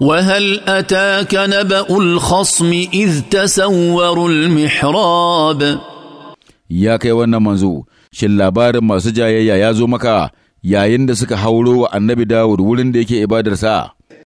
وهل اتاك نبا الخصم اذ تسوروا المحراب ya kai wannan manzo shin labarin masu jayayya ya zo maka yayin da suka hauro wa annabi Dawud wurin da yake ibadarsa